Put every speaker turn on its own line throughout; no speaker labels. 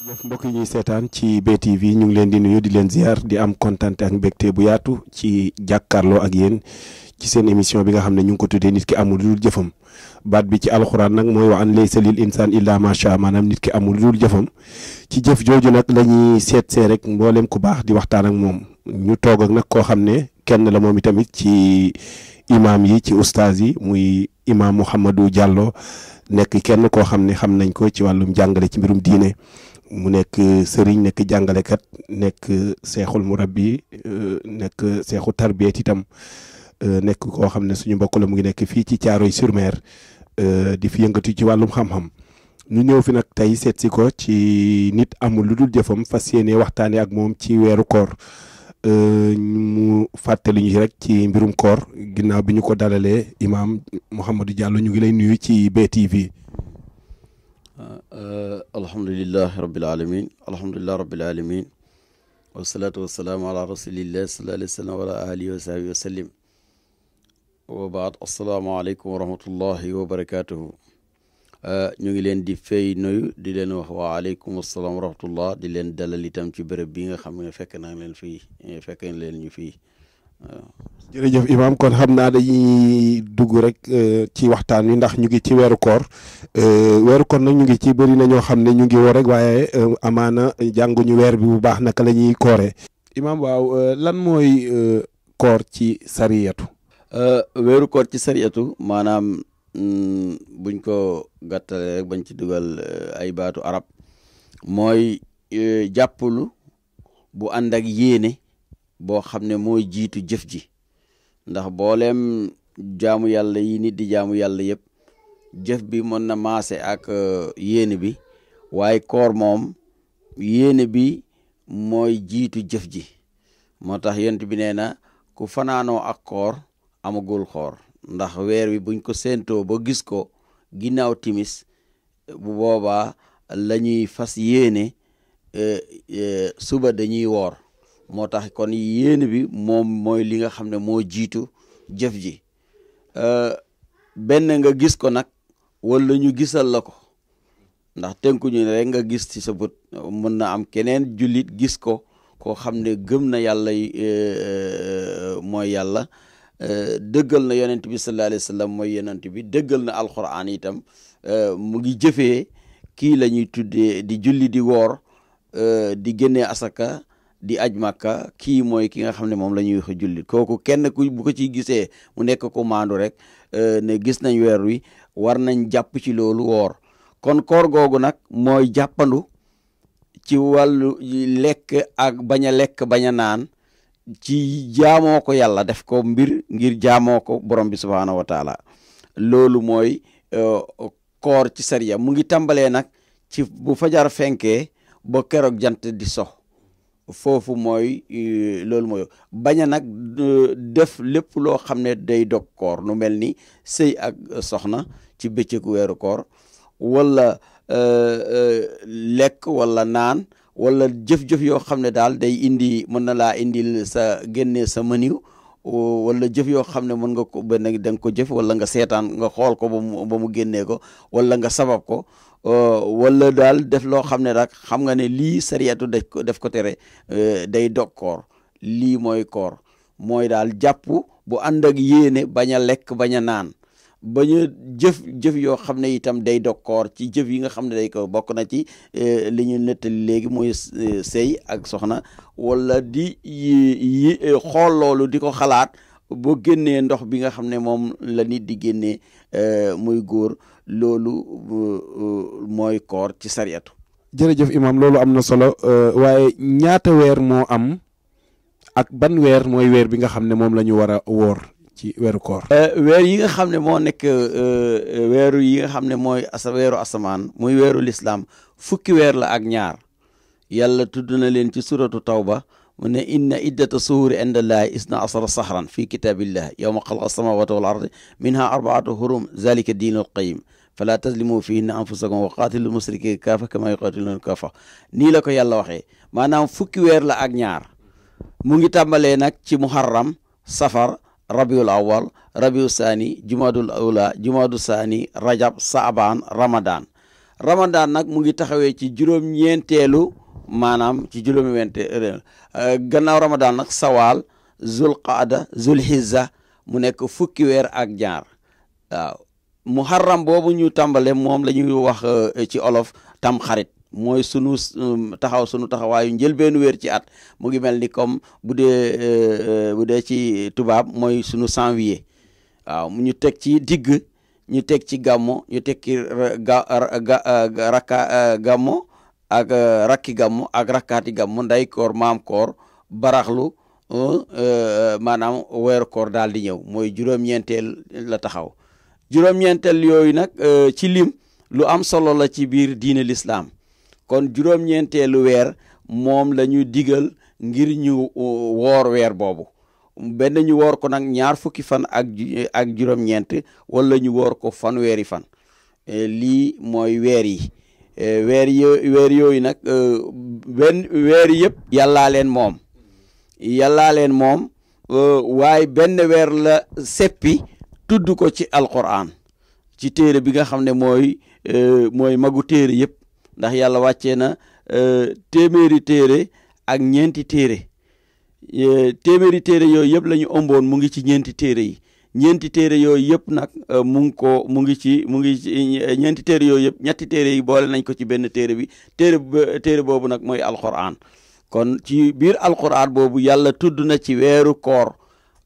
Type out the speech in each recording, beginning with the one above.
jërëjëf mbokk yi ñuy seetaan ci BTV ñu ngi leen di nuyu di leen ziar di am kontaan ak mbégte bu yaatu ci jàkkaarloo ak yéen ci seen émission bi nga xam ne ñu ngi ko tuddee nit ki amul lu dul jëfam bi ci alxuraan nag mooy wa an laysa lil insaan illaa maa maanaam nit ki amul lu dul ci jëf jooju nag la ñuy seet rek mboolem ku baax di waxtaan ak moom ñu toog ak nag koo xam ne kenn la moom itamit ci imaam yi ci ustaas yi muy imaam Mouhamadou jàlloo nekk kenn koo xam ne xam nañ ko ci wàllum jàngale ci mbirum diine. mu nekk sëriñ nekk jàngalekat nekk seexul mu murabbi euh, nekk seexu tarbiyet itam euh, nekk koo xam ne suñu mbokk mu ngi nekk fii ci caaro sur Mer euh, di fi yëngatu ci wàllum xam-xam ñu ñëw fi nag tey seetsi ko ci nit amul lu dul jëfam fas yéene waxtaanee ak moom ci weeru koor mu fàttaliñu ñu rek ci mbirum koor ginnaaw bi ñu ko dalalee imaam Mouhamadou jàll ñu ngi lay nuyu ci BTV.
الحمد لله رب العالمين الحمد لله رب العالمين والصلاة والسلام على رسول الله صلى الله عليه وسلم وعلى آله وصحبه وسلم وبعد السلام عليكم ورحمة الله وبركاته آه، ñu ngi leen di fay nuyu di leen wax waa aleykum assalaam wa rahmatullah di leen dalal itam ci bërëb bi nga xam jërëjëf imam
kon xam naa dañuy dugg rek euh, ci waxtaan wi ndax ñu ngi ci weeru koor euh, weeru koor nag ñu ngi ci bëri na ñoo xam ne ñu ngi woo rek waaye euh, amaana ñu weer bi bu baax naka la ñuy kooree
imam waaw lan mooy koor ci sariyatu weeru koor ci sariyatu maanaam mm, buñ ko gàttalee rek bañ ci dugal ay baatu arab mooy jàppalu bu ànd ak yéene boo xam ne mooy jiitu jëf ji ndax booleem jaamu yàlla yi nit di jaamu yàlla yëpp jëf bi mën na maase ak euh, yéene bi waaye koor moom yéene bi mooy jiitu jëf ji moo tax yent bi nee na ku fanaanoo ak koor amagul koor ndax weer wi buñ ko séentoo ba gis ko ginnaaw timis bu boobaa la ñuy fas yéene euh, euh, suba dañuy woor moo tax kon yéene bi moom mooy li nga xam ne moo jiitu jëf ji euh, benn nga gis ko nag wala ñu gisal la ko ndax tënkuñu ne rek nga gis ci sa bët mën na am keneen jullit gis ko koo xam ne gëm na yàlla euh, euh, mooy yàlla dëggal na yenent bi sallallahu alayhi wa sallam mooy yonent bi dëggal na alquran itam mu ngi jëfee kii la ñuy tuddee di julli di woor di génnee asaka di aj màkka kii mooy ki nga xam ne moom la ñuy wax jullit kooku kenn ku bu ko ci gisee mu nekk ko maandu rek euh, ne gis nañ weer wi war nañ jàpp ci loolu woor kon koor googu nag mooy jàppandu ci wàllu lekk ak bañ a lekk bañ a naan ci jaamoo ko yàlla def ko mbir ngir jaamoo ko borom bi subhaanahu wa loolu mooy euh, koor ci sariya mu ngi tàmbalee nag ci bu fajar fenkee bo keroog jant di so foofu mooy euh, loolu mooy bañ a nag euh, def lépp loo xam ne day dog koor nu mel ni sëy ak soxna ci bëccëgu weeru koor wala euh, lekk wala naan wala jëf-jëf yoo xam ne daal day indi mën na laa indil sa génnee sa mëniw wala jëf yoo xam ne mën nga ko ba nag nga ko jëf wala nga seetaan nga xool ko ba mu ba génnee ko wala nga sabab ko Euh, wala daal def loo xam ne rek xam nga ne lii sariyatu def ko def ko tere euh, day dog koor lii mooy koor mooy daal jàpp bu ànd ak yéene bañ a lekk bañ a naan bañ a jëf jëf yoo xam ne itam day dog koor ci jëf yi nga xam ne day ko bokk na ci euh, li ñu nettali léegi muy sëy ak soxna wala di yi xool loolu di ko xalaat boo génnee ndox bi nga xam ne moom la nit di génnee muy góor loolu euh, euh, mooy koor ci sariyatu
jërëjëf imam loolu am na solo euh, waaye ñaata weer moo am ak ban weer mooy weer bi nga xam ne moom la ñu war a woor ci weeru koor
weer yi nga xam ne moo nekk weeru yi nga xam ne mooy asa weeru asamaan muy weeru lislaam fukki weer la ak ñaar yàlla tudd na leen ci suratu tawba mu ne inna iddata suhuuri inda llahi isna asara sahran fi kitaabillah yowma xalaqa samawati wal ardi minha arbaatu hurum zalika diinul qayim fala tazlimu fihinna anfusakum wa qatilul musrikina kaafa kama yuqatiluna kaafa nila la ko yàlla waxee maanaam la ak ñaar mu ngi tàmbalee safar rabiul awal Rabiusani Jumadul jumaadul Jumadusani rajab Saaban ramadan ramadan nag mu ngi taxawee ci juróom ganau maanaam ci juróomi wente euh, gannaaw ramadan nag zulhizza mu nekk fukki mu muharram boobu ñu tàmbale moom la ñuy wax euh, ci olof tam xarit mooy sunu euh, taxaw sunu taxawaayu njëlbeenu weer ci at mu ngi mel ni comme bu dee euh, bu dee ci tubaab mooy sunu janvier waaw ñu teg ci digg ñu teg ci gàmmo ñu teg ci rakka gàmmo ak rakki gàmmo ak rakkaati gàmmo nday koor maam koor baraxlu maanaam weeru koor daal di ñëw mooy juróom-ñeenteel la taxaw juróom-ñeenteel yooyu nag euh, ci lim lu am solo la ci biir diine lislaam kon juróom-ñeenteelu weer moom la digal ngir ñu woor weer boobu benn ñu woor ko nag ñaar fukki fan ak juróom-ñeent wala ñu woor ko fan weeri fan lii mooy weer yi e, weer yooyu nag e, benn weer yëpp yàllaa leen moom yàllaa leen moom e, waaye benn weer la seppi tudd ko ci alquran ci téere bi nga xam ne mooy euh, mooy magu téere yëpp ndax yàlla wàccee na euh, téeméeri téere ak ñeenti téere téeméeri téere yooyu yëpp la ñu mu ngi ci ñeenti téere yi ñeenti téere yooyu yëpp nag euh, mu ko mu ngi ci mu ngi ci ñeenti téere yooyu yëpp ñetti téere yi boole nañ ko ci benn téere bi téere téere boobu nag mooy alquran kon ci biir alquran boobu yàlla tudd na ci weeru koor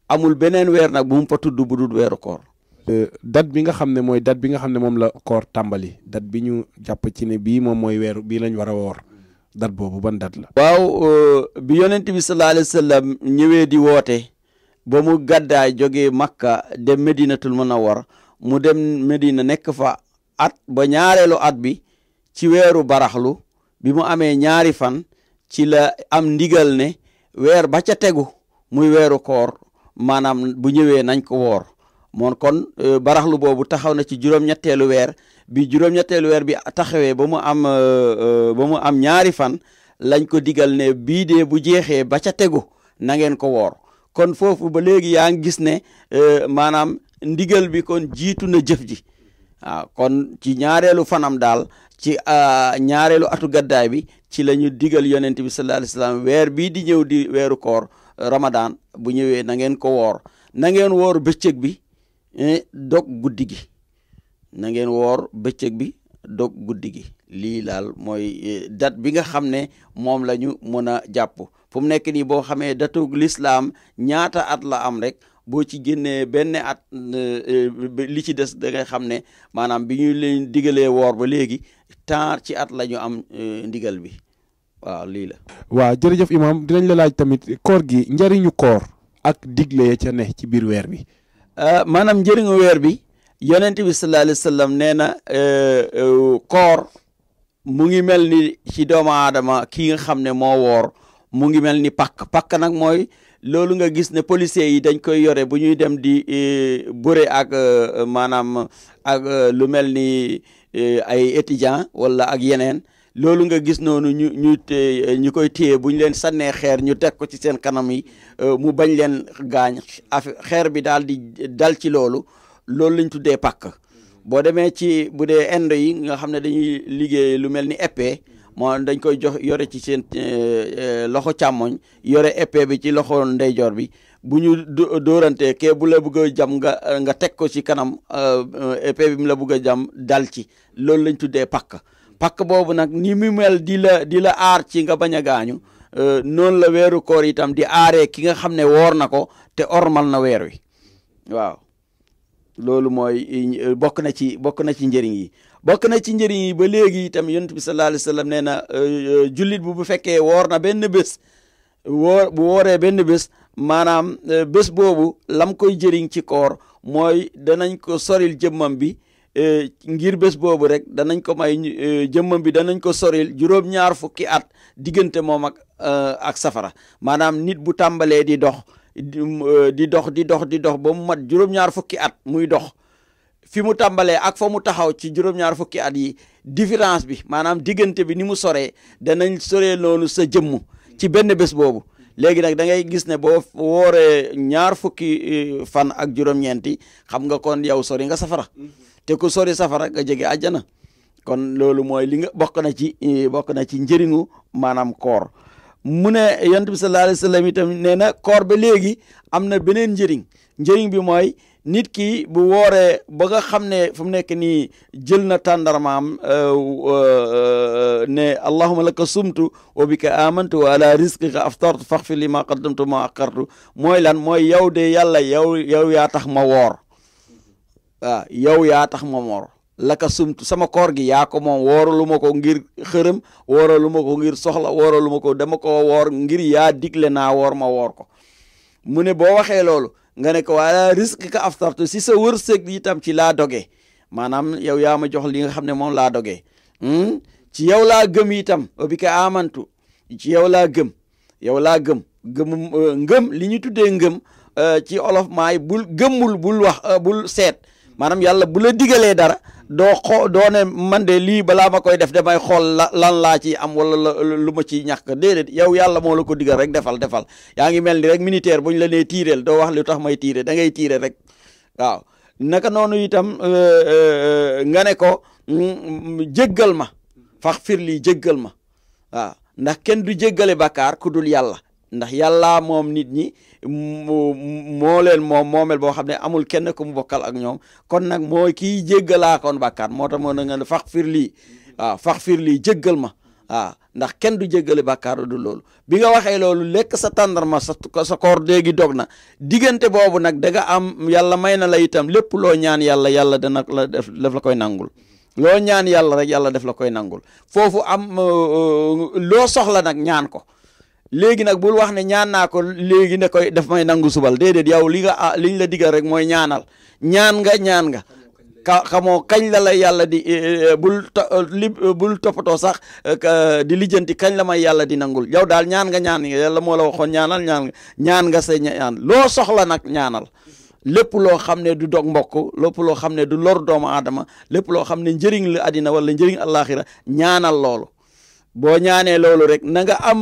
amul beneen weer nag bu mu fa tudd bu dul weeru koor. Euh, date bi nga xam ne mooy date bi nga xam ne moom la koor
tàmbali date bi ñu jàpp ci ne bii moom mooy weeru bii lañ war a woor date boobu ban date la.
waaw euh, bi yonent bi sallallahu alayhi wa sallam ñëwee di woote ba mu gàddaay jógee Makka dem Medinatul war mu dem Medina nekk fa at ba ñaareelu at bi ci weeru baraxlu bi mu amee ñaari fan ci la am ndigal ne weer ba ca tegu muy weeru koor maanaam bu ñëwee nañ ko woor moon kon euh, baraxlu boobu taxaw na ci juróom-ñetteelu weer bi juróom-ñetteelu weer bi taxawee ba mu am euh, euh, ba mu am ñaari fan lañ ko digal ne bii dee bu jeexee ba ca tegu na ngeen ko woor kon foofu ba léegi yaa ngi gis ne maanaam ndigal bi kon jiitu na jëf ji kon ci ñaareelu fanam daal ci ñaareelu atu gaddaay bi ci la digal yonent bi sallallahu alayhi wasallam weer bii di ñëw di weeru koor Ramadan bu ñëwee na ngeen ko woor na ngeen woor bëccëg bi eh, dog guddi gi na ngeen woor bëccëg bi dog guddi gi lii daal mooy eh, dat bi nga xam ne moom la ñu mën a jàpp fu mu nekk nii boo xamee datug lislaam ñaata at la am rek boo ci génnee benn at eh, li ci des da nga xam ne maanaam bi ñu leen digalee woor ba léegi temps ci at la ñu am ndigal bi waaw lii la.
waaw jërëjëf imaam dinañ la laaj tamit koor gi njëriñu koor ak digle ya ca ne ci biir weer bi.
Euh, maanaam njëriñu weer bi yonent bi sallallahu alayhi wa nee na euh, euh, koor mu ngi mel ni ci doomu aadama kii nga xam ne moo woor mu ngi mel ni pakk pakk nag mooy. loolu nga gis ne policiers yi dañ koy yore bu ñuy dem di bëre ak maanaam ak lu mel ni ay étudiants wala ak yeneen loolu nga gis noonu ñu ñu te ñu koy téye bu ñu leen sànnee xeer ñu teg ko ci seen kanam yi euh, mu bañ leen gaañ xeer bi daal di dal ci loolu loolu lañ tuddee pak boo demee ci bu dee indo yi nga xam ne dañuy liggéey lu mel ni épée moo dañ koy jox yore ci seen euh, euh, loxo càmmoñ yore épée bi ci loxo ndeyjoor bi bu ñu dóorantee kee bu la bëgg jam nga nga teg ko ci kanam épée bi mu la bëgg a jam dal ci loolu lañ tuddee pàkk pakk boobu nag ni mu mel di la di la aar ci nga bañ a gaañu euh, noonu la weeru koor yitam di aare ki nga xam ne woor na ko te or mal na weer wi waaw loolu mooy euh, bokk na ci bokk na ci njëriñ yi bokk na ci njëriñ yi ba léegi itam yonent bi sallallahu alayhi wa sallam nee na euh, jullit bu bu fekkee woor na benn bés woor bu wooree benn bés maanaam bés boobu lam koy jëriñ ci koor mooy danañ ko soril jëmmam bi Eh, ngir bés boobu rek danañ ko may eh, jëmmam bi danañ ko soril juróom-ñaar fukki at diggante moom ak eh, ak safara maanaam nit bu tàmbalee di dox di dox di dox di dox ba mu mat juróom-ñaar fukki at muy dox fi mu tàmbalee ak fa mu taxaw ci juróom-ñaar fukki at yi différence bi maanaam diggante bi ni mu soree danañ soree noonu sa jëmm ci benn bés boobu léegi nag da ngay gis ne boo ñaar fukki fan ak juróom-ñeenti xam nga kon yow sori nga safara mm-hmm. te ku sori safara nga jege àjjana kon loolu mooy li nga bokk na ci eh, bokk na ci njëriñu maanaam koor mu ne yonent bi sallallahu alayhi wa nee na koor ba léegi am na beneen njëriñ njëriñ bi mooy nit ki bu wooree ba nga xam ne fu mu nekk nii jël na tàndarmaam eh, eh, ne allahuma laka sumtu wa bika amantu wa ala risqika aftartu faghfir li ma qaddamtu ma akhartu mooy lan mooy yow de yàlla yow yow yaa tax ma woor waaw ah, yow yaa tax ma moor laka sumtu sama koor gi yaa ko moom wooraluma ko ngir xërëm wooraluma ko ngir soxla wooraluma ko dama ko woor ngir yaa digle naa woor ma woor ko mu ne boo waxee loolu nga ne ko wala risque ka aftartu si sa wërsëg itam ci laa doge maanaam yow yaa ma jox li nga xam ne moom laa doge hmm? ci yow laa gëm itam bi ka amantu ci yow laa gëm yow laa gëm gëm eh, ngëm li ñu tuddee ngëm eh, ci olof maay bul gëmmul bul wax eh, bul seet maanaam yàlla bu la digalee dara doo xoo doo ne man de lii balaa ma koy def damay xool la lan laa ci am wala lu ma ciy ñàkk déedéet yow yàlla moo la ko digal rek defal defal yaa ngi mel ni rek militaire bu ñu la nee tiireel doo lu tax may tiire da ngay rek waaw naka noonu itam euh, euh, nga ne ko mm, jéggal ma fax fir lii jéggal ma waaw ndax kenn du jéggale bàkkaar ku dul yàlla ndax yalla mom nit ñi moo leen moom moomel bo xam amul kenn ku mu bokkal ak ñoom kon nag mooy ki jéggalaa kon bàkkaar moo tax moo na nga fax fir lii waaw fax fir lii jéggal ma waaw ndax kenn du du bi nga waxee loolu lekk sa tàndarma sa sa koor déegi dog na diggante nag daga am yalla may na la itam lépp loo ñaan yalla yàlla dana la def daf la koy nangul lo ñaan yalla rek yàlla def la koy nangul am euh, euh, lo soxla nag ñaan ko lagi nak bul wax ne ñaan naa ko léegi ne koy daf may nangu subal déedéet yow li nga ah liñ la digal rek mooy ñaanal ñaan nga ñaan nga ka kañ la lay yàlla di eh, eh, eh, bul li bul toppatoo sax di lijjanti kañ la may di nangul yow daal ñaan nga ñaan nga yàlla moo la waxoon ñaanal ñaan nga ñaan nga sa ñaan loo soxla nag ñaanal lépp loo xam ne du dog mbokk lépp loo xam ne du lor doomu aadama lépp loo xam ne njëriñ la àddina wala njëriñ àllaaxira ñaanal loolu boo ñaanee loolu rek nanga nga am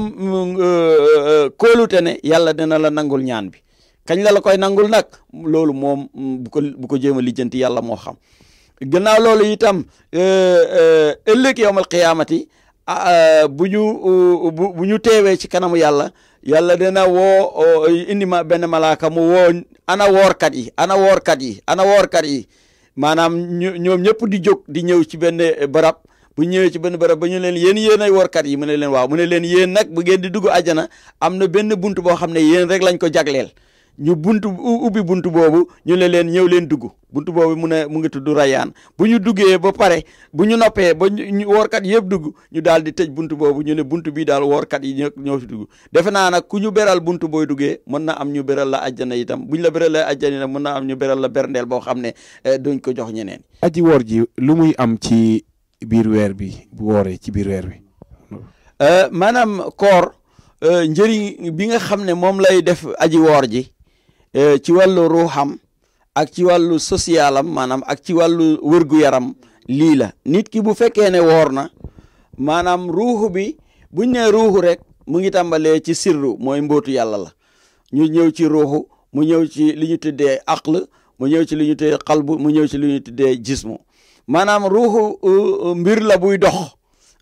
euh, euh, kóolute ne yàlla dina la nangul ñaan bi kañ la la koy nangul nag loolu moom mm, bu ko jéem a lijjanti yàlla moo xam gannaaw loolu itam euh, ëllëg yowmal qiyaamati bu ñu bu ñu teewee ci kanamu yàlla yàlla dina woo indi ma benn malaaka mu woo ana woorkat yi ana woorkat yi ana woorkat yi maanaam ñoom ñëpp di jóg di ñëw ci benn barab bu ñëwee ci benn barab ba ñu leen yéen yéen ay workat yi mu ne leen waaw mu ne leen yéen bu ngeen di dugg am na benn bunt boo xam ne yéen rek lañ ko jagleel ñu bunt ubbi bunt boobu ñu ne leen ñëw leen dugg bunt boobu mu ne mu ngi tudd rayaan bu ñu duggee ba pare bu ñu noppee ba ñu woorkat yëpp dugg ñu daal di tëj buntu boobu ñu ne bunt bi daal workat yi ñoo fi dugg defe naa nag ku ñu beral bunt booy duggee mën na am ñu beral la ajjana itam bu la beral la ajjana itam mën na am ñu beral la berndeel boo xam ne eh, duñ ko jox ñeneen
aji woor ji lu muy am ci
biir weer bi bu wooree ci biir weer bi euh, maanaam koor euh, njëriñ bi nga xam ne moom lay def aji woor ji euh, ci wàllu ruuxam ak ci wàllu socialam maanaam ak ci wàllu wërgu-yaram lii la nit ki bu fekkee ne woor na maanaam ruuxu bi buñ ne ruuxu rek mu ngi tàmbalee ci sirru mooy mbootu yàlla la ñu ñëw ci ruuxu mu ñëw ci li ñu tuddee aql mu ñëw ci liñu ñu tuddee qalbu mu ñëw ci li ñu tuddee jismu maanaam ruuxu euh, euh, mbir la buy dox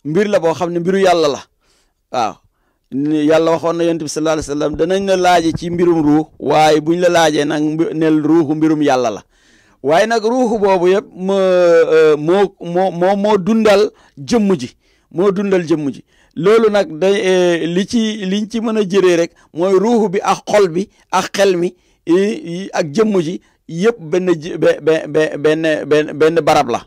mbir la boo xam ne mbiru yàlla la waaw yàlla waxoon na yonent bi sallallahu alayhi wasallam danañ laaje ci mbirum ruux waaye buñ la laajee nag nel ruuxu mbirum yàlla la waaye nag ruuxu boobu yëpp euh, moo moo moo moo dundal jëmm ji moo dundal jëmm ji loolu nag da li ci liñ ci mën a jëree rek mooy ruuxu bi ak xol bi ak xel mi ak jëmm ji yëpp benn ji benn benn benn barab la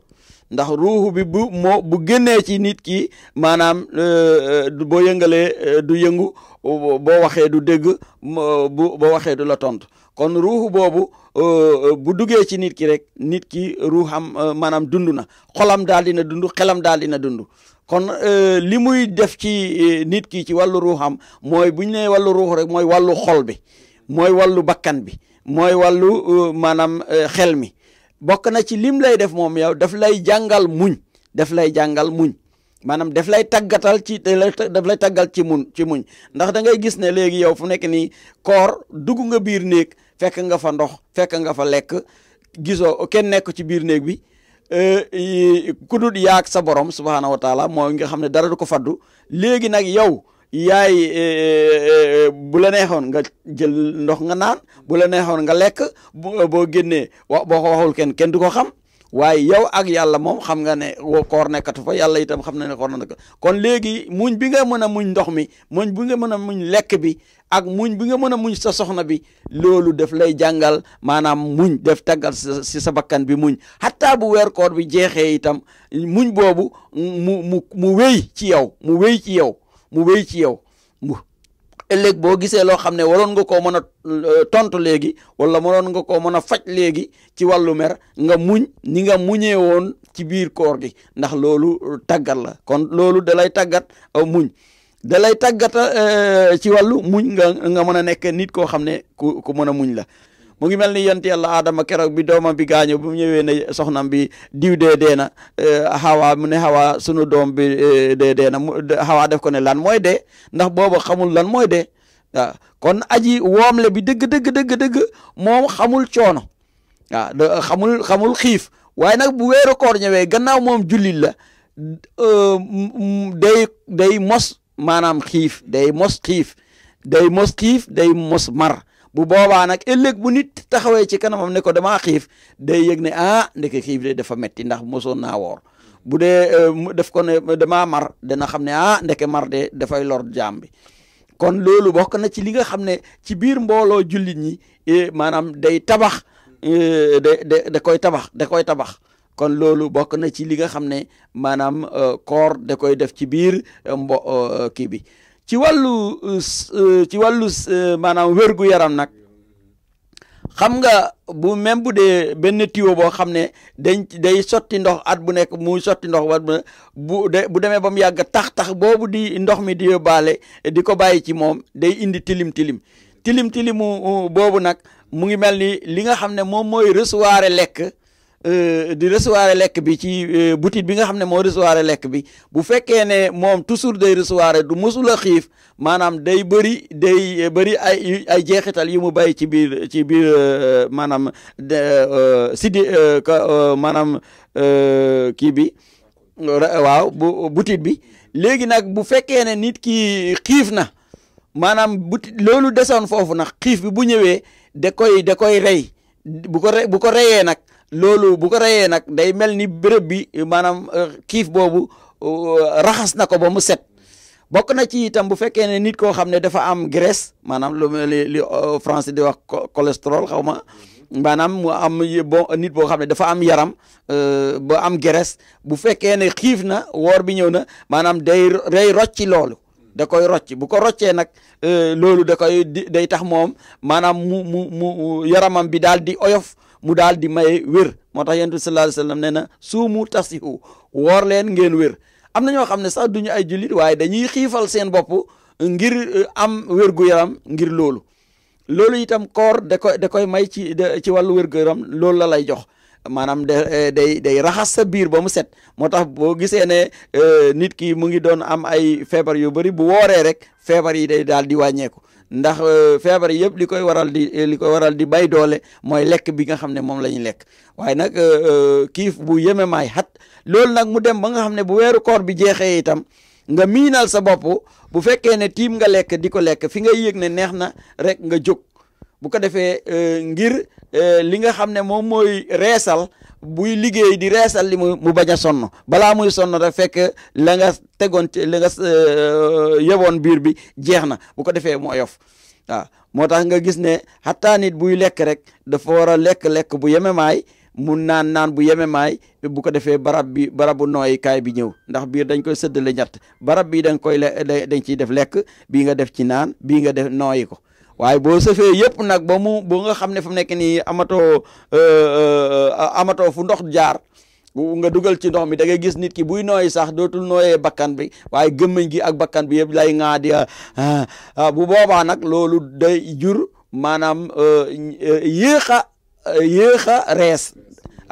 ndax ruuxu bi bu moo bu génnee ci nit ki maanaam euh, euh, boo yëngalee euh, du yëngu boo waxee du dégg bu boo waxee du la tontu kon ruuxu boobu bu duggee ci nit ki rek nit ki ruuxam maanaam dund na xolam daal dina dundu xelam daal dina dundu kon li muy def ci nit ki ci wàllu ruuxam mooy bu ñu nee wàllu ruux rek mooy wàllu xol bi mooy wàllu bakkan bi mooy wàllu euh, maanaam euh, xel mi bokk na ci lim lay def moom yow daf lay jàngal muñ daf lay jàngal muñ maanaam daf lay tàggatal ci daf lay tàggal ci muñ ci muñ ndax da ngay gis ne léegi yow fu nekk nii koor dugg nga biir néeg fekk nga fa ndox fekk nga fa lekk gisoo kenn nekk ci biir néeg bi euh, ku dul yaag sa borom subhaanahu wa taala mooy nga xam ne dara du ko faddu léegi nag yow yaay eh, eh, eh, bu la neexoon nga jël ndox nga naan bu la neexoon nga lekk boo génnee wa boo ko waxul kenn kenn du ko xam waaye yow ak yàlla moom xam nga ne koor nekkatu fa yàlla itam xam na ne koor nekkatu kon léegi muñ bi nga mën a muñ ndox mi muñ bi nga mën a muñ lekk bi ak muñ bi nga mën a muñ sa soxna bi loolu def lay jàngal maanaam muñ def tàggal si sa bakkan bi muñ xataa bu weer koor bi jeexee itam muñ boobu mu mu mu wéy ci yow mu wéy ci yow mu wéy ci yow mu ëllëg boo gisee loo xam ne waroon nga koo mën a euh, tontu léegi wala mënoon nga ko mën a faj léegi ci wàllu mer nga muñ ni nga muñee woon ci biir koor gi ndax loolu tàggat la kon loolu dalay tàggat euh, muñ dalay tàggata euh, ci wàllu muñ nga nga mën a nekk nit koo xam ne ku ku mën a muñ la mu ngi mel ni yonti yàlla aadama keroog bi doomam bi gaañoo bu ñëwee ne soxnam bi diw dee dee na xawaa eh, mu ne xawaa sunu doom bi eh, dee dee na mu def ko ne lan mooy de ndax booba xamul lan mooy de waaw kon aji woomle bi dëgg dëgg dëgg dëgg moom xamul coono waaw xamul xamul xiif waaye nag bu weeru koor ñëwee gannaaw moom jullit la eh, day day mos maanaam xiif day mos xiif day mos xiif day mos mar bu boobaa nag ëllëg bu nit taxawee ci kanamam ne ko damaa xiif day yëg ne ah ndeke xiif de dafa metti ndax mosoon naa woor bu dee euh, def ko ne damaa mar dana xam ne ah ndeke mar de dafay lor jaam bi kon loolu bokk na ci li nga xam ne ci biir mbooloo jullit ñi eh, maanaam day tabax eh, da da da koy tabax da koy tabax kon loolu bokk na ci li nga xam ne maanaam euh, koor da koy def ci biir euh, mbo kii bi ci wàllu euh, euh, ci wàllu euh, maanaam wérgu yaram nag xam nga bu même bu dee benn tuyau boo xam ne dañ day sotti ndox at bu nekk mu sotti ndox ba bu de demee ba mu yàgg tax tax boobu di ndox mi di yóbbaale di ko bàyyi ci moom day indi tilim tilim tilim tilimu boobu nag mu ngi mel ni li nga xam ne moom mooy recevoir lekk. Euh, di recevoir lekk bi ci euh, boutique bi nga xam ne moo recevoir lekk bi bu fekkee ne moom toujours day recevoir du mësul a xiif maanaam day bëri day bari ay ay jeexital yu mu bàyyi ci biir ci biir euh, maanaam sidi maanaam kii bi waaw bu boutique bi léegi nag bu fekkee ne nit ki xiif na maanaam boutique loolu desoon foofu nag xiif bi bu ñëwee da koy da koy rey bu ko bu ko reyee nag loolu bu ko reyee nag day mel ni béréb bi maanaam euh, kiif boobu euh, raxas na ko ba mu set bokk na ci itam bu fekkee ne nit koo xam ne dafa am graisse maanaam lu li li euh, français di wax cholestérol xaw ma maanaam mu am nit boo xam ne dafa am yaram ba am graisse bu fekkee ne xiif na woor bi ñëw na maanaam day day rocci loolu da koy rocc bu ko roccee nag loolu da koy day tax moom maanaam mu mu mu yaramam bi daal di oyof mu di maye wir, moo tax yentu sallallahu alayhi wasallam nee na tasihu woor leen ngeen wér am na ñoo xam ne sax duñu ay jullit waaye dañuy xiifal seen ngir eh, am wir gu yaram ngir loolu loolu itam koor da koy da koy may ci ci wàllu wér gu yaram loolu la lay jox de eh, day day raxas sa biir ba mu set moo tax gisee ne eh, nit ki mu ngi doon am ay feebar yu bari bu wooree rek feebar yi day di ndax euh, feebar yëpp li koy waral di eh, li koy waral di bay doole mooy lekk bi nga xam ne moom la ñuy lekk waaye nag euh, euh, kiif bu yeme maay xat loolu nag mu dem ba nga xam ne bu weeru koor bi jeexee itam nga miinal sa bopp bu fekkee ne tiim nga lekk di ko lekk fi nga yëg ne neex na rek nga jóg bu ko defee euh, ngir euh, li nga xam ne moom mooy reesal buy liggéey di reesal li mu mu bañ a balaa muy sonn rek fekk la nga tegoon ci la nga euh, yeboon biir bi jeex na bu ko defee mu oyof moo tax nga gis ne xataa buy lekk rek dafa war a lekk-lekk bu yememaay mu naan naan bu yememaay bu ko defee barab bi barabu nooyi kaay bi ñëw ndax biir dañ koy sëddale ñett barab bi da koy dañ ciy def lekk bii nga def ci naan bii nga def nooyi ko waaye boo sëfee yëpp nag ba mu ba nga xam ne fu mu nekk nii amatoo euh, euh, amatoo fu ndox jaar nga dugal ci ndox mi da ngay gis nit ki buy nooy sax dootul nooye bakkan bi waaye gëmmiñ gi ak bakkan bi yëpp lay ŋaa di ah, ah, bu boobaa nag loolu day jur maanaam euh, yéex a yéex a rees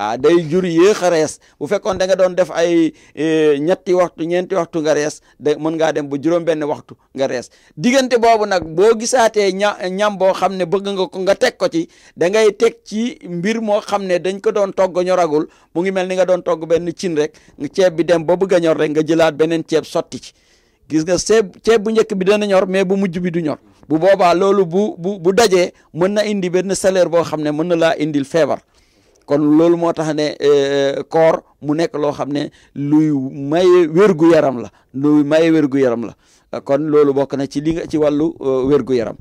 ah day jur yéex a bu fekkoon danga nga doon def ay eh, ñetti waxtu ñeenti waxtu nga da mën ngaa dem ba juróom-benn waxtu nga rees diggante boobu nag boo gisaatee ña ñam boo xam ne bëgg nga ko nga teg ko ci da ngay teg ci mbir moo xam ne dañ ko doon togg ñoragul mu ngi mel ni nga doon togg benn cin rek ceeb bi dem ba bëgg a ñor rek nga jëlaat beneen ceeb sotti ci gis nga ceeb ceeb bu njëkk bi dana ñor mais bu mujj bi du ñor bu boobaa loolu bu bu bu dajee mën na indi benn salaire boo xam ne mën na laa indil feebar kon loolu moo tax ne euh, euh, koor mu nekk loo xam ne luy maye wérgu yaram la luy maye wérgu yaram la kon loolu bokk na ci li nga ci wàllu euh, wérgu yaram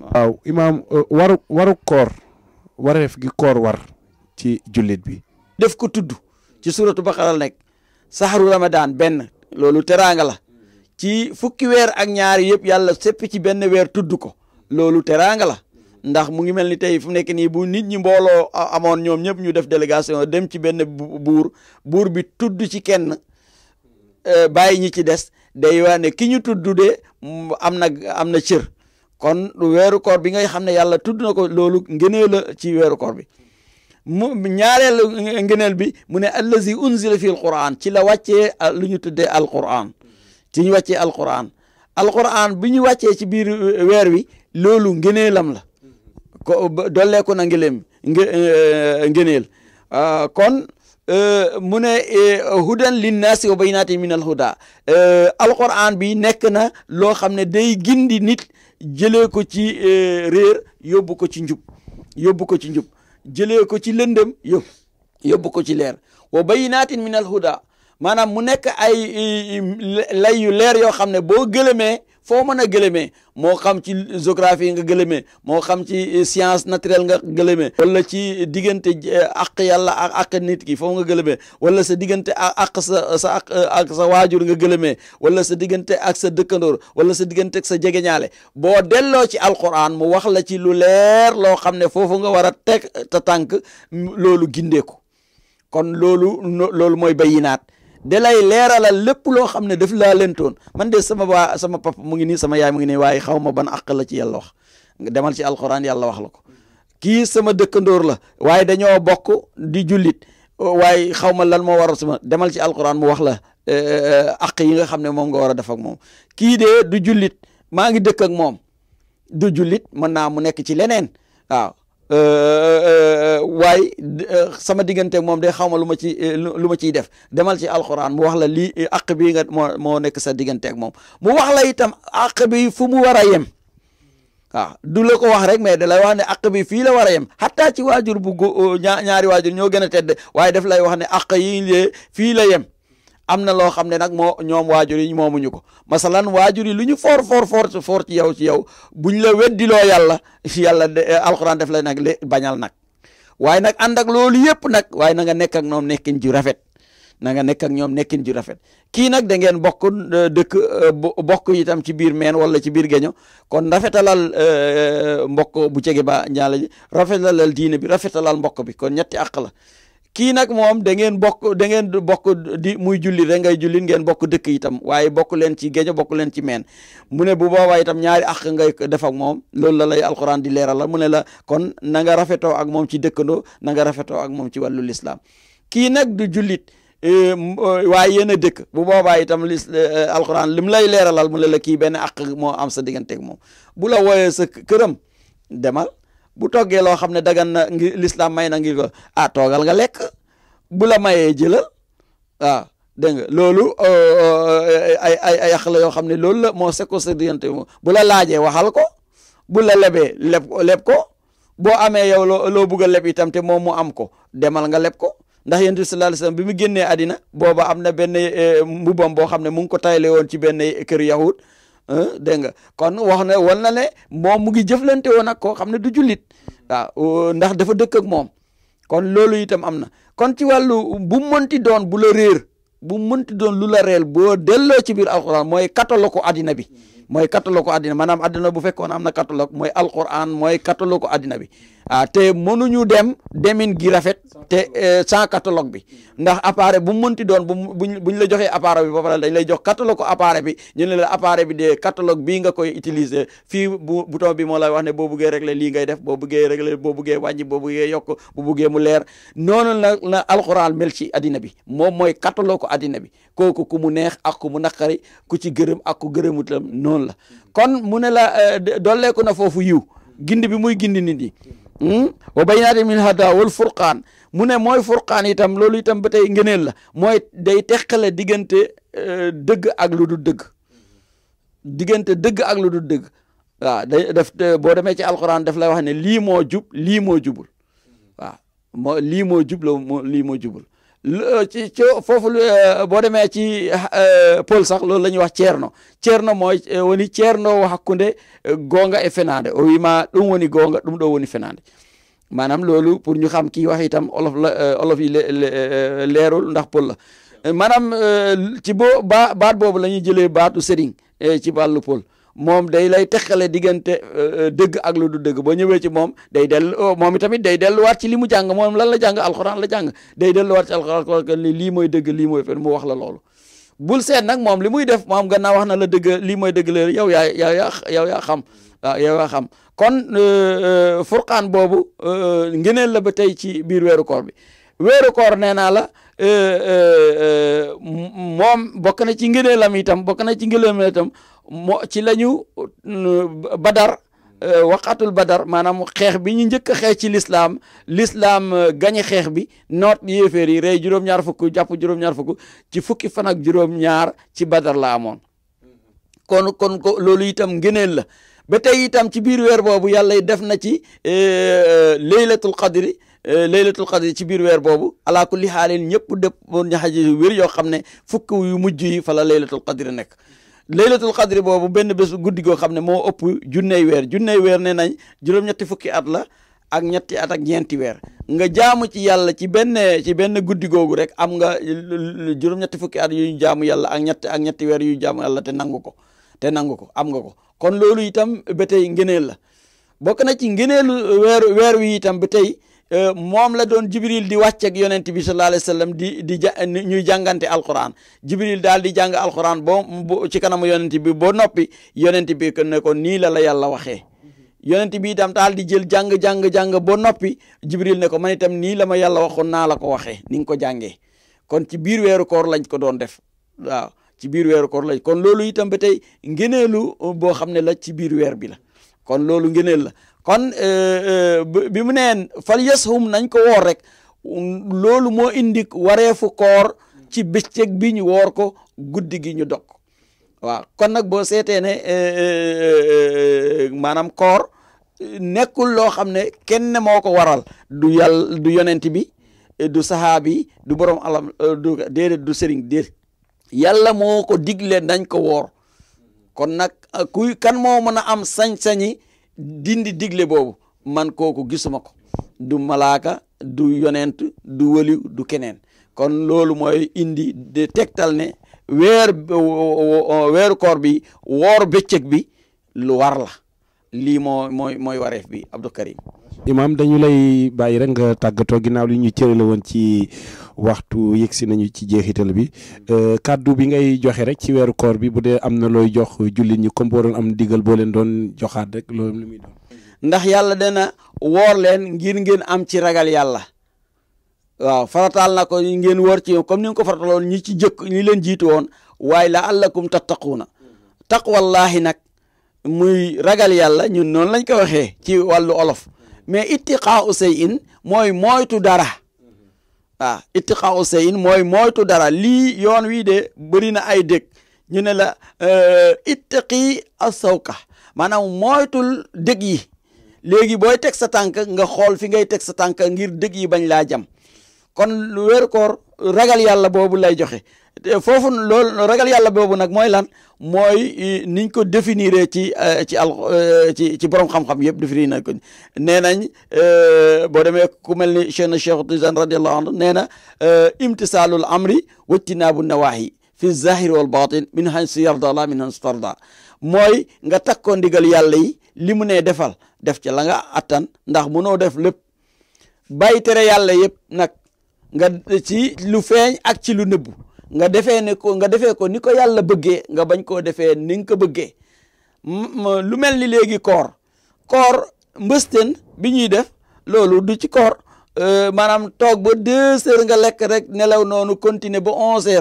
waaw imaam waru waru koor wareef gi koor war ci jullit bi
def ko tudd ci suratu baqara nekk saxaru ramadan benn loolu teraanga la ci fukki weer ak ñaari yëpp yàlla sépp ci benn weer tudd ko loolu teraanga la ndax mu ngi mel ni tey fu mu nekk nii bu nit ñi mbooloo amoon ñoom ñëpp ñu def délégation dem ci benn buur buur bi tudd ci kenn euh, bàyyi ñi ci des day waa ne ki ñu tudd de am na am na cër kon weeru koor bi ngay xam ne yàlla tudd na ko loolu ngëneel ci weeru koor bi mu ñaareel ngëneel bi mu ne allazi unzila fi alquran ci la wàccee lu ñu tuddee alquran ci ñu wàccee alquran alquran bi ñu wàccee ci biir euh, weer wi loolu ngëneelam la ko dolleeku na ngileem nge eh, eh, ngeneel ah, kon eh, mu ne hudan linnaasi wa baynaati min al huda alquran bi nekk na loo xam ne day gindi nit jëlee ko ci réer yóbbu ko ci njub yóbbu ko ci njub jëlee ko ci lëndëm yób ko ci leer wa bayinaatin min huda maanaam mu nekk ay lay yu leer yoo xam ne boo gëlëmee foo mën a gëlëmee moo xam ci géographie nga gëlëmee moo xam ci eh, science naturel nga gëlëmee wala ci diggante ak eh, yàlla ak ki foofu nga gëlëmee wala sa diggante ak sa sa ak eh, waajur nga gëlëme wala sa diggante ak sa dëkkandoor wala sa diggante ak sa jegeñaale boo delloo ci alquran mu wax la ci lu leer loo xam ne foofu nga war a teg ta tànk loolu gindeeku kon loolu loolu mooy bayinaat da lay leeralal lépp loo xam ne daf laa lentoon man de sama waa sama papa mu ngi nii sama yaay mu ngi nii waaye xaw ma ban àq la ci yàlla wax demal ci alxuraan yàlla wax la ko kii sama dëkkandoor la waaye dañoo bokk di jullit waaye xaw ma lan moo waral sama demal ci alxuraan mu wax la eh, eh, àq yi nga xam ne moom nga war a def ak moom kii de du jullit maa ngi dëkk ak moom du jullit mën naa mu nekk ci leneen waaw Euh, euh, euh, waaye sama diggante moom de xaw ma lu ma ci lu ma ciy def demal ci alxuraan mu wax la lii àq bi nga moo moo nekk sa digganteeg moom mu wax la itam àq bi fu mu war a yem waaw du la ko wax rek mais da lay wax ne àq bi fii la war a yem xataa ci waajur bu ñaari waajur ñoo gën a tedd waaye daf lay wax ne àq yi fii la yem am na loo xam ne nag moo ñoom waajur yi moomuñu ko masalan waajur yi lu ñu foor foor foor foor ci yow ci yow buñ la loo yàlla yàlla de eh, alxuraan def la nag le bañal nag waaye nag ànd ak loolu yëpp nag waaye na nga nekk ak ñoom nekkin ju rafet na nga nekk ak ñoom nekkin ju rafet kii nag da ngeen bokk eh, dëkk eh, bokk itam ci biir meen wala ci biir geño kon rafetalal mbokk bu jege ba ñaala ji rafetalal diine bi rafetalal mbokk bi kon ñetti àq la kii nag moom da ngeen bokk da ngeen bokk di muy jullit rek ngay jullit ngeen bokk dëkk itam waaye bokk leen ci géejo bokk leen ci meen mu ne bu boobaa itam ñaari àq ngay def ak moom loolu la lay alquran di leeralal la mu ne la kon na nga rafetoo ak moom ci dëkkandoo na nga rafetoo ak moom ci wàllu lislaam kii nag du jullit e, e, waaye dëkk bu boobaa itam li e, alquran lim lay leeralal mu ne la kii benn àq moo am sa digganteeg moom bu la wooyee sa këram demal bu toggee loo xam ne dagan na ngir l'islam may na ngir ko ah toogal nga lekk bu la mayee jëlal waaw dégg nga loolu euh, euh, ay ay ay yàq la yoo xam ne loolu la moo sekko sa diggante bu la laajee waxal ko bu la lebee leb leb ko boo amee yow loo loo bugg a leb itam te moom mu am ko demal nga leb ko ndax yonent bi sallallahu bi mu génnee àddina booba am na benn euh, mbubam boo xam ne mu ngi ko tayle woon ci benn kër yahud dégg nga kon wax na wal na ne moom mu ngi jëflante woon ak koo xam ne du jullit waaw euh, ndax dafa dëkk ak moom kon loolu itam am na kon ci wàllu bu mënti doon bu la réer bu mënti doon lu la réer boo delloo ci biir alxuraan mooy kataloku addina bi mooy catalogue addina maanaam addina bu fekkoon am na catalogue mooy alquran mooy catalogue addina bi ah te ñu dem demin gi rafet te eh, sans catalogue bi ndax appareil bu mu mënti doon bu buñ la joxee appareil bi ba pare dañ lay jox catalogue appareil bi ñu ne la nga koy utiliser fii bu bouton bi moo lay wax ne boo buggee régler lii ngay def boo buggee régler boo buggee wàññi boo yokk bu buggee mu leer noonu la la alquran mel ci addina bi moom mooy catalogue addina bi kooku ku mu neex ak ku mu naqari ku ci gërëm ak ku gërëmutam noonu noonu la kon mu ne la eh, dolleeku na foofu yiw gindi bi muy gindi nit ñi hmm? wa bayyinaati min hada wal furqaan mu ne mooy furqaan itam loolu itam ba tey ngëneel la mooy day teqale diggante eh, dëgg ak lu du dëgg diggante dëgg ak lu du dëgg waaw day def boo demee ci alquran daf lay wax ne lii moo jub lii moo jubul waaw moo lii jubul Euh, ci ci foofu euh, boo demee ci euh, Pël sax loolu la ñuy wax ceerno ceerno mooy woni ceerno e o hakkunde goonga e fenaande o wiima ɗum woni goonga ɗum ɗo woni fenaande maanaam loolu pour ñu xam kii wax itam olof la olof yi leerul ndax polla la maanaam ci bo ba baat boobu la ñuy jëlee baatu sëriñ ci wàllu Pël moom day lay teqale diggante euh, euh, dëgg ak lu du dëgg boo ñëwee ci moom day dellu oh, moom itamit day delluwaat ci li mu jàng moom lan la jàng alxuraan la jàng day delluwaat ci alxuraan que ni lii mooy dëgg li mooy fen mu wax la loolu bul seet nag moom li muy def moom gannaaw wax na la dëgg li mooy dëgg la yow yaa yaa yaa yow yaa xam waaw yow yaa xam kon euh, furqaan boobu ngëneel la ba tey ci biir weeru koor bi weeru koor nee naa la moom bokk na ci lam itam bokk na ci ngëneelam itam ci la ñu euh, badar euh, waqatul badar maanaam xeex bi ñu njëkk a xeex ci lislaam lislaam euh, gañe xeex bi noot yéeféer yi rey juróom-ñaar fukk jàpp juróom-ñaar fukk ci fukki fan ak juróom-ñaar ci badar la amoon kon kon ko loolu itam ngëneel la ba tey itam ci biir weer boobu yàlla def na ci laylatul qadri laylatul qadri ci biir weer boobu ala kulli xaalin ñëpp dëpp ñaxaji wér yoo xam ne fukk yu mujj yi fa la laylatul nekk laylatul xadri boobu benn bés guddi goo xam ne moo ëpp junney weer junney weer ne nañ juróom-ñetti fukki at la ak ñetti at ak ñeenti weer nga jaamu ci yàlla ci benn ci benn guddi googu rek am nga juróom-ñetti fukki at yu jaamu yàlla ak ñetti ak ñetti weer yu jaamu yàlla te nangu ko te nangu ko am nga ko kon loolu itam ba tey ngëneel la bokk na ci ngëneelu weer weer wi itam ba tey Euh, moom la doon jibril di wàcc ak yonent bi sallallahu alayhi wa sallam di di ja ñuy jàngante alquran jibril daal di jàng alquran bo ci kanamu yonent bi ba noppi yonent bi ne ko nii la la yàlla waxee yonent bi itam daal di jël jàng jàng jàng ba noppi jibiril ne ko man itam nii la ma yàlla waxoon naa la ko waxee ni nga ko jàngee kon ci biir weeru koor lañ ko doon def waaw ci biir weeru koor lañ kon loolu itam ba tey ngëneelu boo xam ne la ci biir weer bi la kon loolu ngëneel la kon euh, euh, bi mu neen fal yashum nañ ko woor rek loolu moo indi wareefu koor ci bëccëg bi ñu woor ko guddi gi ñu dog waaw kon nag boo seetee ne euh, maanaam koor nekkul loo xam ne kenn moo ko waral du yàlla du yonent bi du saxaabi du borom alam du déedéet du sëriñ déet yàlla moo ko digle nañ ko woor kon nag kuy kan moo mën a am sañ-sañi dindi digle boobu man kooku gisuma ko du malaaka du yonent du waliw du keneen kon loolu mooy indi de tegtal ne weer weeru koor bi woor bëccëg bi lu war la lii moo mooy mooy wareef bi Abdou Karim
Imaam dañu lay bàyyi rek nga tàggatoo ginnaaw li ñu cërale woon ci waxtu yegsi nañu ci jeexital bi euh, kàddu bi ngay joxe rek ci weeru koor bi bu dee am na looy jox jullit ñi comme boo doon am digal boo leen doon
joxaat rek loolu lu muy doon. ndax yàlla na woor leen ngir ngeen am ci ragal yàlla waaw farataal na ko ngeen woor ci comme ni nga ko farataloon ñi ci jëkk ñi leen jiitu woon waaye la tax allakum tattaquuna taqwallaahi nag muy ragal yàlla ñun noonu lañ ko waxee ci wàllu olof. mais ittiqaau seyin mooy moytu dara waaw ittiqaau seyin mooy moytu dara lii yoon wii de bëri na ay dëkk ñu ne la euh, ittaqi asawka maanaam moytul dëgg yi léegi booy teg sa tànk nga xool fi ngay teg sa tànk ngir dëgg yi bañ laa jam kon lu ragal yàlla boobu lay joxe foofu loolu ragal yàlla boobu nag mooy lan mooy niñ ko définir euh, euh, ci ci al ci ci borom xam-xam yëpp définir nañ ko nee nañ euh, boo demee ku mel ni Cheikh Cheikh Tijaan radiyallahu anhu nee na imtisaalul amri wajtinaabu nawaahi fi zahir wal batin min hansi yarda la min hansi tarda mooy nga takkoo ndigal yàlla yi li mu defal def ci langa attan ndax mënoo def lépp bàyyi tere yàlla yëpp nag nga lu feeñ ak ci lu nëbbu nga defee ne ko nga defee ko ni ko yàlla bëggee nga bañ koo defee ni nga ko bëggee lu mel ni léegi koor koor mbësten bi ñuy def loolu du ci koor euh, maanaam toog ba deux nga lekk rek nelaw noonu continuer ba onze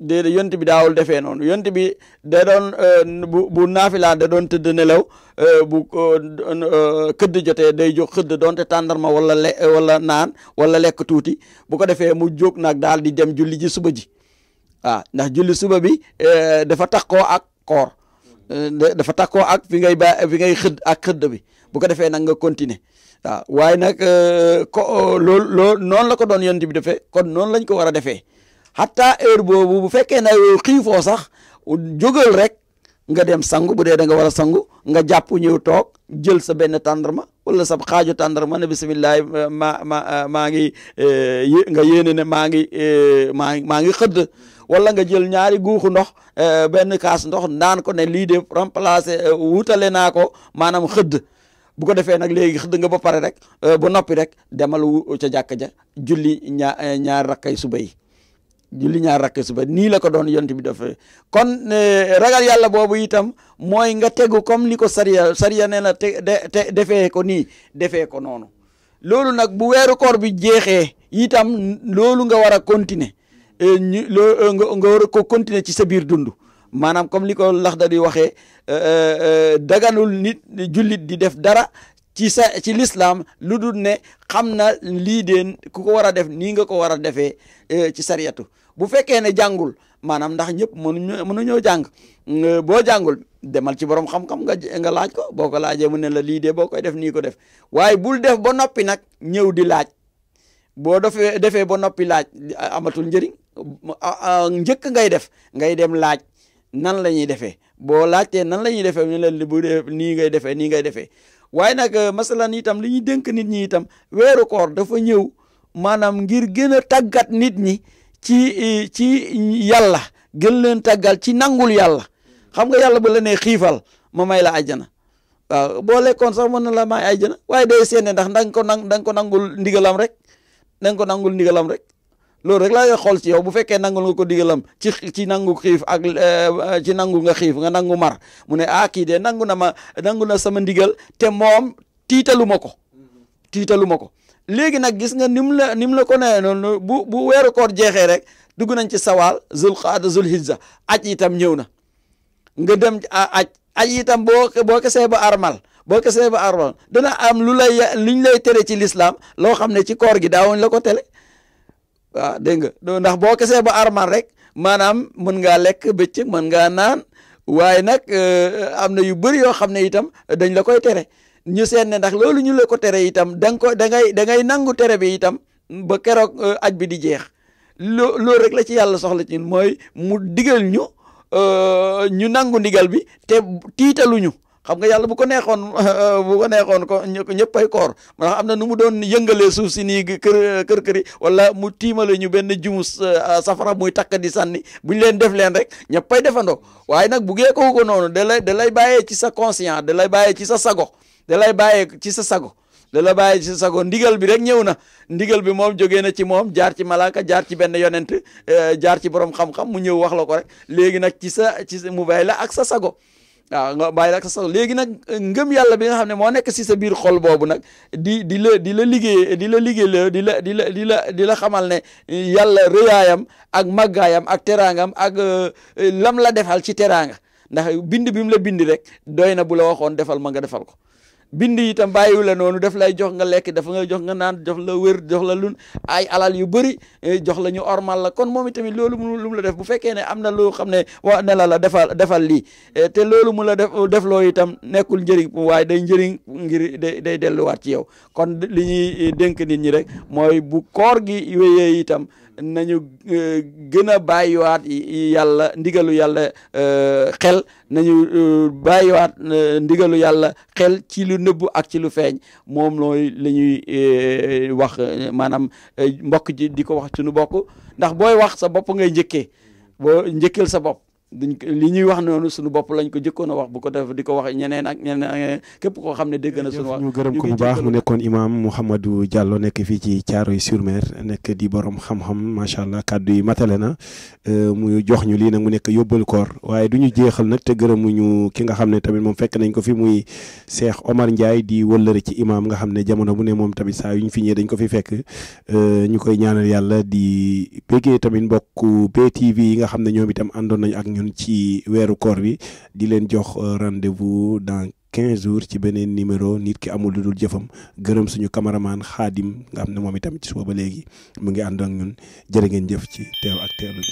déedéet yont bi daawul defee noonu yont bi da doon eh, bu bu naafilaa da doon tëdd nelaw eh, bu eh, këdd jotee day jóg xëdd doonte tàndarma wala le wala naan wala lekk tuuti bu ko defee mu jóg nag daal di dem julli ji suba ji a ndax julli suba bi dafa takkoo ak koor dafa takkoo ak fi ngay ba fi ngay xëdd ak xëdd bi bu ko defee nag nga continuer waaw waaye nag ko loolu loolu noonu la ko doon yont bi defee kon noonu lañ ko war a defee hatta heure boobu bu fekkee na xiifoo sax jógal rek nga dem sangu bu dee da nga war a sangu nga jàpp ñëw toog jël sa benn tàndarma wala sa xaaju tàndarma ne bisimilahi ma ma maa ngi eh, nga yéene ne maa ngi eh, maa maa ngi xëdd wala nga jël ñaari guuxu ndox eh, benn kas ndox naan ko ne lii de remplacer wutale naa ko maanaam xëdd bu ko defee nag léegi xëdd nga ba pare rek ba noppi rek demal ca jàkka ja julli ñaar ñaar rakkay suba julli ñaar rakk suba nii la ko doon yont bi dafa kon ragal yàlla boobu itam mooy nga tegu comme li ko sariya sariya nee na te te defee ko nii defee ko noonu loolu nag bu weeru koor bi jeexee itam loolu nga war a continuer e, ñu loo e, nga war a ko continuer ci sa biir dund maanaam comme li ko lax da di waxee e, daganul nit jullit di def dara ci sa ci lislaam lu dul ne xam na lii deen ku ko war a def nii nga ko war a defee euh, ci sariyatu bu fekkee ne jàngul maanaam ndax ñëpp mënuñu mënuñoo jàng boo jàngul demal ci borom xam-xam nga nga laaj ko boo ko laajee mu ne la lii dee boo koy def nii ko def waaye bul def ba noppi nag ñëw di laaj boo defee defee ba noppi laaj amatul njëriñ njëkk ngay def ngay dem laaj nan la ñuy defee boo laajtee nan la ñuy defee ñu leen bu dee nii ngay defee nii ngay defee waaye nag euh, masalan itam li ñuy dénk nit ñi itam weeru koor dafa ñëw maanaam ngir gën a tàggat nit ñi ci ci yàlla gën leen tàggal ci nangul yàlla xam nga yàlla bu la nee xiifal ma may la àjjana waaw boo lekkoon sax mën na la may àjjana waaye day seene ndax danga ko nang da nga ko nangul ndigalam rek da ko nangul ndigalam rek loolu rek laa xool ci yow bu fekkee nangul nga ko digalam ci ci nangu xiif ak euh, euh, ci nangu nga xiif nga nangu mar mu ne ah kii de nangu na ma nangu na sama ndigal te moom tiitalu ma ko tiitalu ma ko léegi nag gis nga ni mu la ni mu la ko noonu bu bu weeru koor jeexee rek dugg nañ ci sawaal zul qaada zul hijja aj itam ñëw na nga dem aj aj itam boo boo kesee ba armal boo kesee ba armal dana am lu lay liñ lay tere ci lislaam loo xam ne ci koor gi daawuñ la ko tere waaw ah, dégg nga ndax boo kesee ba armal rek maanaam mën ngaa lekk bëccëg mën ngaa naan waaye nag eh, am na yu bëri yoo xam ne itam dañ la koy tere ñu seet ne ndax loolu ñu la ko tere itam da nga ko da ngay nangu tere bi itam ba keroog eh, aj bi di jeex loo loolu rek la ci yàlla soxla ci mooy mu digal ñu eh, ñu nangu ndigal bi te tiitaluñu xam nga yàlla bu ko neexoon bu ko neexoon ko ñëpp ay koor ndax am na nu mu doon yëngalee suuf si nii kër kër kër yi wala mu tiimale ñu benn jumu euh, safara muy takk di sànni bu leen def leen rek ñëpp ay defandoo waaye nag bu gee ko ko noonu da lay da lay bàyyee ci sa conscience da lay bàyyee ci sa sago dalay lay bàyyee ci sa sago da la bàyyi sago ndigal bi rek ñëw na ndigal bi moom jógee na ci moom jaar ci malaaka jaar ci benn yonent euh, jaar ci borom xam-xam mu ñëw wax la ko rek léegi nag ci sa ci mu bàyyi la ak sa sago waaw nga bàyyi rek sa léegi nag euh, ngëm yàlla bi nga xam ne moo nekk si sa biir xol boobu nag di di la di la liggéey di la liggéey di la di la di la di la xamal ne yàlla rëyaayam ak màggaayam ak teraangam ak euh, lam la defal ci teraanga ndax bind bi mu la bind rek doy na bu la waxoon defal ma nga defal ko bind itam bàyyiwu la noonu daf lay jox nga lekk dafa nga jox nga naan jox la wér jox la lun ay alal yu bëri eh, jox la ñu ormal la kon moom itamit loolu mu lu la def bu fekkee ne am na loo xam ne wa ne la la defal defal lii eh, te loolu mu la def def loo itam nekkul njëriñ waaye day njëriñ ngir day day delluwaat ci yow kon li ñu eh, dénk nit ñi rek mooy bu koor gi wéyee itam nañu euh, gën a bàyyiwaat yàlla ndigalu yàlla euh, xel nañu euh, bàyyiwaat ndigalu yàlla xel ci lu nëbbu ak ci lu feeñ moom looy la ñuy wax maanaam mbokk ji di ko wax sunu bokk ndax booy wax sa bopp ngay njëkkee boo njëkkal sa bopp duñ ko li ñuy wax noonu sunu bopp lañ ko jëkkoon a wax bu ko def di ko wax ñeneen ak ñeneen képp koo xam ne dégg na suñu wax ñu gërëm ko bu baax mu
nekkoon imam Mouhamadou Diallo nekk fii ci Thiaroye-sur-Mer nekk di borom xam-xam macha allah kàddu yi matale na euh, mu jox ñu lii nag mu nekk yóbbal koor waaye du ñu jeexal nag te gërëmuñu ki nga xam ne tamit moom fekk nañ ko fi muy Cheikh Omar Ndiaye di wëllëre ci imam nga xam ne jamono bu ne moom tamit saa ñu fi ñëwee dañ ko fi fekk euh, ñu koy ñaanal yàlla di béggee tamit mbokk BTV yi nga xam ne ñoom itam àndoon nañ ak ñun ci weeru koor wi di leen jox euh, rendez-vous dans quinze jours ci beneen numéro nit ki amul lu dul jëfam gërëm suñu cameraman xaadim nga xam ne moom itam ci suba ba léegi mu ngi ànd ak ñun jërë ngeen jëf ci teew ak teewlu